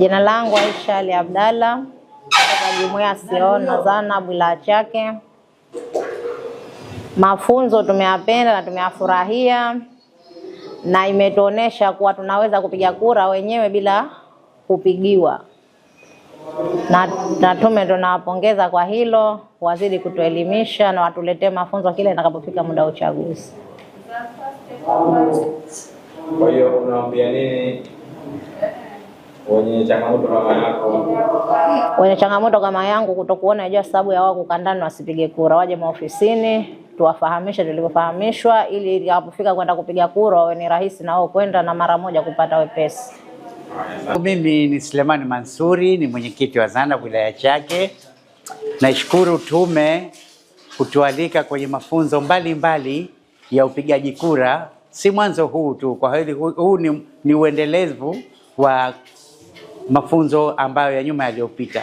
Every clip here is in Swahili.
Jina langu Aisha Ali Abdalla kutoka jumuiya Siona Zana wilaya Chake. Mafunzo tumeyapenda na tumeyafurahia na imetuonesha kuwa tunaweza kupiga kura wenyewe bila kupigiwa, na, na tume tunawapongeza kwa hilo, wazidi kutuelimisha na watuletee mafunzo kile itakapofika muda wa uchaguzi. Kwa hiyo unaambia nini wenye changamoto kama yangu kutokuona ijua sababu ya wao kukandana wasipige kura, waje maofisini tuwafahamishe tulivyofahamishwa, ili itakapofika kwenda kupiga kura wawe ni rahisi na wao kwenda na mara moja kupata wepesi. Mimi ni Sulemani Mansuri, ni mwenyekiti wa Zanda wilaya Chake. Naishukuru tume kutualika kwenye mafunzo mbalimbali mbali ya upigaji kura, si mwanzo huu tu, kwa hiyo huu ni, ni uendelevu wa mafunzo ambayo ya nyuma yaliyopita.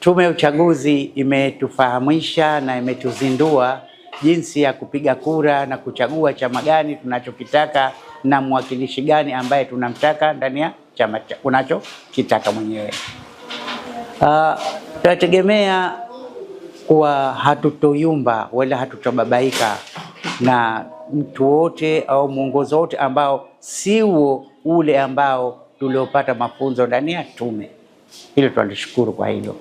Tume ya Uchaguzi imetufahamisha na imetuzindua jinsi ya kupiga kura na kuchagua chama gani tunachokitaka na mwakilishi gani ambaye tunamtaka ndani ya chama unachokitaka mwenyewe. Uh, tunategemea kuwa hatutoyumba wala hatutobabaika na mtu wote au mwongozo wote ambao siwo ule ambao tuliopata mafunzo ndani ya tume. Hilo tunalishukuru kwa hilo.